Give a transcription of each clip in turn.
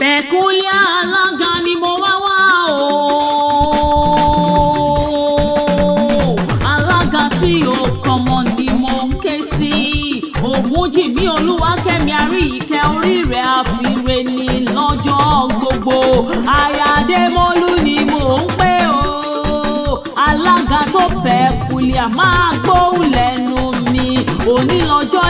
pẹ̀kúlíà alága ni mo wá o. alága tí o kọmọ ni mo ń ké sí Ògúnjìmí Olúwakẹ́mi Àríyìíkẹ́ orí rẹ̀ àfiwé ni lọ́jọ́ gbogbo ayáàdémọ́lú ni mò ń pè o. alága tó pẹ̀kúlíà máa gbóhùn lẹ́nu mi òní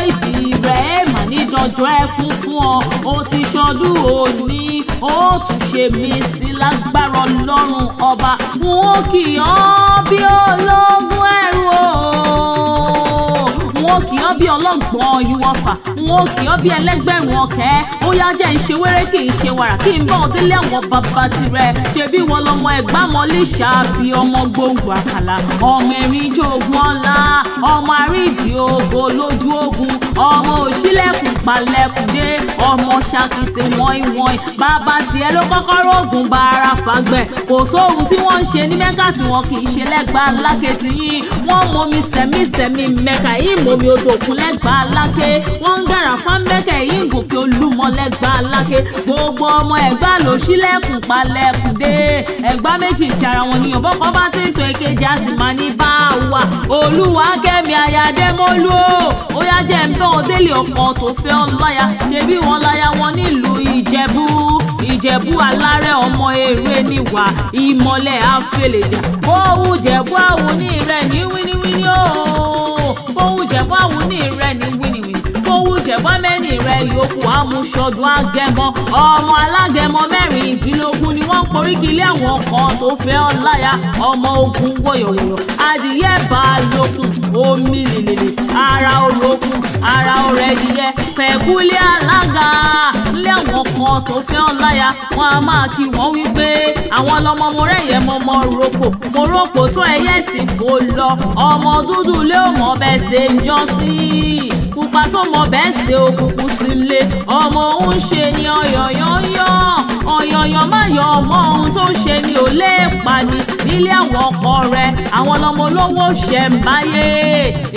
ìbí rẹ̀ níjọjọ ẹkún fún ọ ó ti ṣọdún òní ó tún ṣe mí sí lágbára ọlọ́run ọba wọn ó kì ọ́ bí ológun ẹrú o wọn kì í bí ọlọ́gbọ́n ìwọ̀fà wọn kì í bí ẹlẹ́gbẹ̀rún ọ̀kẹ́ ó yá jẹ́ ìṣe wéré kì í ṣe wàrà kí n bá ọdẹ́lé àwọn bàbá tirẹ̀ ṣebí wọn lọmọ ẹ̀gbá wọn lè ṣàbí ọmọ gbòǹgbò àkàlà ọmọ ẹ̀rín jogún ọ̀la ọmọ àríjì ògo lójú ogun ọmọ òṣìlẹ̀kùn palẹ̀kùn dé ọmọ ṣàkìtì wọ́n ìwọ̀n bàbá tiẹ̀ ló kọ́kọ́ rògùn bá ara fàgbẹ̀ kò sóhun tí wọ́n ń ṣe ní mẹ́ka tí wọ́n kì í ṣe lẹ́gbàá lákẹ́tì yìí wọ́n mọ mi sẹ̀mí sẹ̀mí mẹ́ka yìí mọ mi odòkun lẹ́gbàá lákẹ́ wọ́n ń gàrà fáńbẹ́kẹ̀ lẹ́gbà lákè gbogbo ọmọ ẹ̀gbá ló ṣílẹ̀kùn palẹ̀kùn dé ẹ̀gbá méjì ìṣara wọn ni ọ̀bọ̀n kan bá ti ń sọ èkejì a sì máa ní bá a wà olúwa kẹ́mi àyàdẹ́mọ́lú ó yá jẹ́ ń bẹ́ wọn délé ọkàn tó fẹ́ ọ láya ṣebí wọn láya wọn nílùú ìjẹ̀bú ìjẹ̀bú alárẹ̀ ọmọ èrè níwà ìmọ̀lẹ̀ àfẹlẹ̀jà òun jẹ̀bú àwọn oní rẹ̀ ní wíníwíní o òun jẹ̀bú àwọn oní rẹ̀ ní wíníwíní ṣẹ̀gbọ́mẹ́rin rẹ̀ yòókù amúṣọdún agẹmọ ọmọ alágẹmọ mẹ́rìndínlógún ni wọ́n poríkì ilé àwọn kan tó fẹ́ ọláyà ọmọ ogun wòyòwòyò adìyẹ bá lókun omi lèlèlè ara olókun ara ọ̀rẹ́ ẹdìyẹ pẹ̀kúlé alága ilé àwọn kan tó fẹ́ ọláyà wọn a máa kí wọ́n wípé àwọn ọlọ́mọ mo rẹ̀yẹ mọ́ mọ́ roko mo roko tó ẹyẹ ti fò lọ ọmọ dúdú lé òmò bẹ́ẹ̀ ṣe ń jọ sí i tó mọ bẹ́ẹ̀ ṣe òkùnkùn sí lé ọmọ òun ṣe ni ọ̀yọ̀yọ̀ yọ̀ ọ̀yọ̀yọ̀ má yọ ọmọ ohun tó ṣe ni ò lè pa ni nílé àwọn ọkọ rẹ àwọn ọlọmọ olówó ṣẹ̀ ń báyé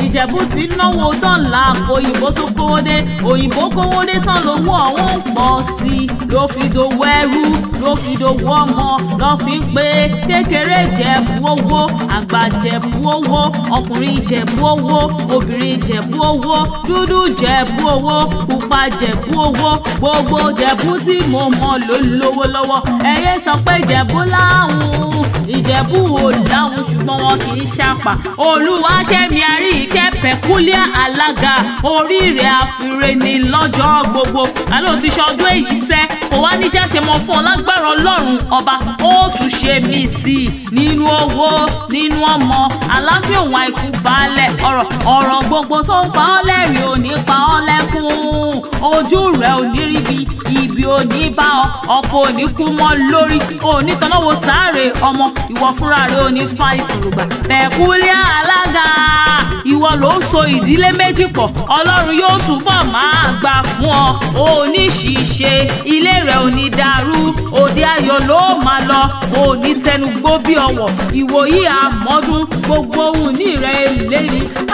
ìjẹ̀bú ti náwó dọ́là kó òyìnbó tó kówó dé òyìnbó kówó dé tán lówó ọ̀hún ń pọ̀ sí i ló fi dowó ẹrú ló fi dowó ọmọ lọ́ fi ń pé kékeré ìjẹ̀bú owó àgbà ìjẹ̀bú owó ọkùnrin ìjẹ̀bú owó obìnrin ìjẹ̀bú owó dúdú ìjẹ̀bú owó pupa ìjẹ̀bú owó gbogbo ìjẹ̀bú tí mo mọ̀ ló lówó lọ́wọ́ ẹ̀yẹ́ sọ pé ìjẹ̀bú láwùn ìjẹ̀bú òdáhùn ṣùgbọ́n wọn kì í ṣàpà olúwakẹ́mi àríkẹ́ pẹ̀kúlíà alága oríire àfìrè ni lọ́jọ́ gbogbo àló ti ṣọdún èyí sẹ́ kò wá ní jẹ́ ṣe mọ fún ọ lágbára ọlọ́run ọba ó tún ṣe mí sí i nínú owó nínú ọmọ àlàáfíà òun àìkú balẹ̀ ọ̀rọ̀ ọ̀rọ̀ gbogbo tó pa ọ́ lẹ́rìn ò ní pa ọ́ lẹ́kún ojú rẹ̀ ò ní ríbi ibi ò ní bá ọ ọkọ ò ní kú mọ́ lórí ò ní sáré ọmọ ìwọ fúnra rẹ̀ ò ní fa ìsòrògbà pẹ̀kúlẹ̀ alága ìw so ìdílé méjì pọ̀ ọlọ́run yóò túbọ̀ máa gbà fún ọ oníṣìṣe ilé rẹ̀ ò ní dàrú òde ayọ̀ ló máa lọ òní tẹnugbó bí ọwọ̀ ìwòyí àmọ́dún gbogbo ohun ní ìrẹ́